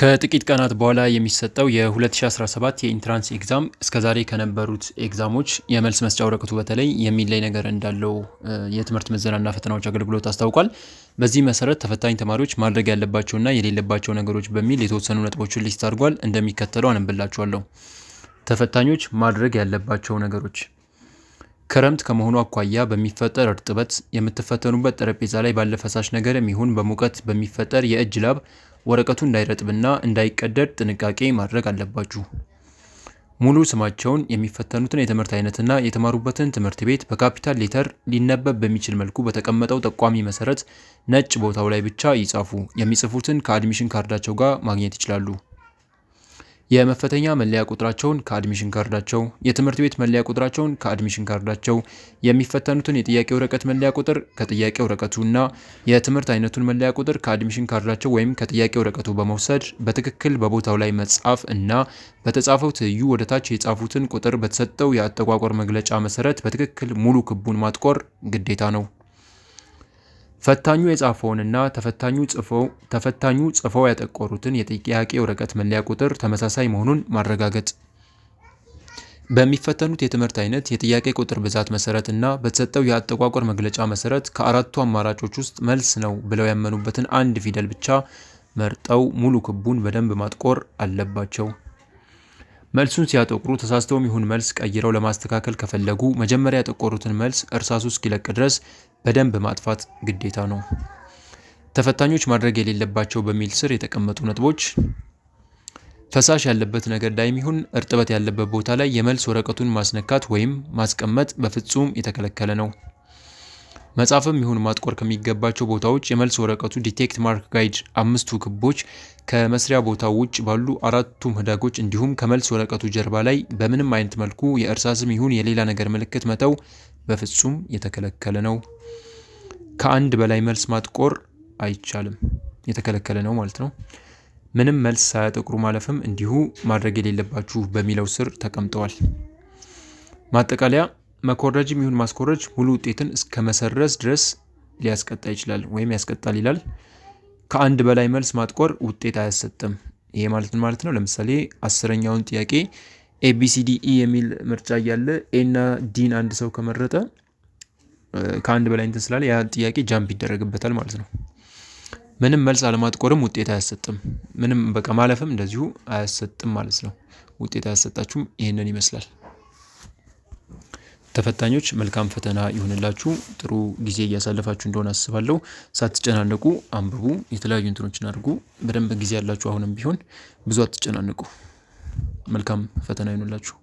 ከጥቂት ቀናት በኋላ የሚሰጠው የ2017 የኢንትራንስ ኤግዛም እስከዛሬ ከነበሩት ኤግዛሞች የመልስ መስጫ ወረቀቱ በተለይ የሚለይ ነገር እንዳለው የትምህርት ምዘናና ፈተናዎች አገልግሎት አስታውቋል። በዚህ መሰረት ተፈታኝ ተማሪዎች ማድረግ ያለባቸውና የሌለባቸው ነገሮች በሚል የተወሰኑ ነጥቦችን ሊስት አድርጓል። እንደሚከተለው አነብላችኋለሁ። ተፈታኞች ማድረግ ያለባቸው ነገሮች ክረምት ከመሆኑ አኳያ በሚፈጠር እርጥበት፣ የምትፈተኑበት ጠረጴዛ ላይ ባለ ፈሳሽ ነገር የሚሆን በሙቀት በሚፈጠር የእጅ ላብ ወረቀቱ እንዳይረጥብና እንዳይቀደድ ጥንቃቄ ማድረግ አለባችሁ። ሙሉ ስማቸውን፣ የሚፈተኑትን የትምህርት አይነትና የተማሩበትን ትምህርት ቤት በካፒታል ሌተር ሊነበብ በሚችል መልኩ በተቀመጠው ጠቋሚ መሰረት ነጭ ቦታው ላይ ብቻ ይጻፉ። የሚጽፉትን ከአድሚሽን ካርዳቸው ጋር ማግኘት ይችላሉ። የመፈተኛ መለያ ቁጥራቸውን ከአድሚሽን ካርዳቸው፣ የትምህርት ቤት መለያ ቁጥራቸውን ከአድሚሽን ካርዳቸው፣ የሚፈተኑትን የጥያቄ ወረቀት መለያ ቁጥር ከጥያቄ እና የትምህርት አይነቱን መለያ ቁጥር ከአድሚሽን ካርዳቸው ወይም ከጥያቄ ወረቀቱ በመውሰድ በትክክል በቦታው ላይ መጻፍ እና በተጻፈው ትይዩ ወደታች የጻፉትን ቁጥር በተሰጠው የአጠቋቆር መግለጫ መሰረት በትክክል ሙሉ ክቡን ማጥቆር ግዴታ ነው። ፈታኙ የጻፈውንና ተፈታኙ ጽፈው ተፈታኙ ጽፈው ያጠቆሩትን የጥያቄ ወረቀት መለያ ቁጥር ተመሳሳይ መሆኑን ማረጋገጥ። በሚፈተኑት የትምህርት አይነት የጥያቄ ቁጥር ብዛት መሰረት እና በተሰጠው የአጠቋቋር መግለጫ መሰረት ከአራቱ አማራጮች ውስጥ መልስ ነው ብለው ያመኑበትን አንድ ፊደል ብቻ መርጠው ሙሉ ክቡን በደንብ ማጥቆር አለባቸው። መልሱን ሲያጠቁሩ ተሳስተውም ይሁን መልስ ቀይረው ለማስተካከል ከፈለጉ መጀመሪያ ያጠቆሩትን መልስ እርሳሱ እስኪለቅ ድረስ በደንብ ማጥፋት ግዴታ ነው። ተፈታኞች ማድረግ የሌለባቸው በሚል ስር የተቀመጡ ነጥቦች ፈሳሽ ያለበት ነገር ዳይም ይሁን እርጥበት ያለበት ቦታ ላይ የመልስ ወረቀቱን ማስነካት ወይም ማስቀመጥ በፍጹም የተከለከለ ነው። መጻፍም ይሁን ማጥቆር ከሚገባቸው ቦታዎች የመልስ ወረቀቱ ዲቴክት ማርክ ጋይድ አምስቱ ክቦች ከመስሪያ ቦታው ውጭ ባሉ አራቱም ህዳጎች እንዲሁም ከመልስ ወረቀቱ ጀርባ ላይ በምንም አይነት መልኩ የእርሳስም ይሁን የሌላ ነገር ምልክት መተው በፍጹም የተከለከለ ነው። ከአንድ በላይ መልስ ማጥቆር አይቻልም፣ የተከለከለ ነው ማለት ነው። ምንም መልስ ሳያጠቁሩ ማለፍም እንዲሁ ማድረግ የሌለባችሁ በሚለው ስር ተቀምጠዋል። ማጠቃለያ፣ መኮረጅም ይሁን ማስኮረጅ ሙሉ ውጤትን እስከ መሰረዝ ድረስ ሊያስቀጣ ይችላል ወይም ያስቀጣል ይላል። ከአንድ በላይ መልስ ማጥቆር ውጤት አያሰጥም። ይሄ ማለት ማለት ነው። ለምሳሌ አስረኛውን ጥያቄ ኤቢሲዲ ኢ e የሚል ምርጫ እያለ ኤና ዲን አንድ ሰው ከመረጠ ከአንድ በላይ እንትን ስላለ ያ ጥያቄ ጃምፕ ይደረግበታል ማለት ነው። ምንም መልስ አለማጥቆርም ውጤት አያሰጥም። ምንም በቃ ማለፍም እንደዚሁ አያሰጥም ማለት ነው። ውጤት አያሰጣችሁም። ይህንን ይመስላል። ተፈታኞች መልካም ፈተና ይሆንላችሁ። ጥሩ ጊዜ እያሳለፋችሁ እንደሆነ አስባለሁ። ሳትጨናነቁ አንብቡ። የተለያዩ እንትኖችን አድርጉ። በደንብ ጊዜ ያላችሁ አሁንም ቢሆን ብዙ አትጨናንቁ። መልካም ፈተና ይሁንላችሁ።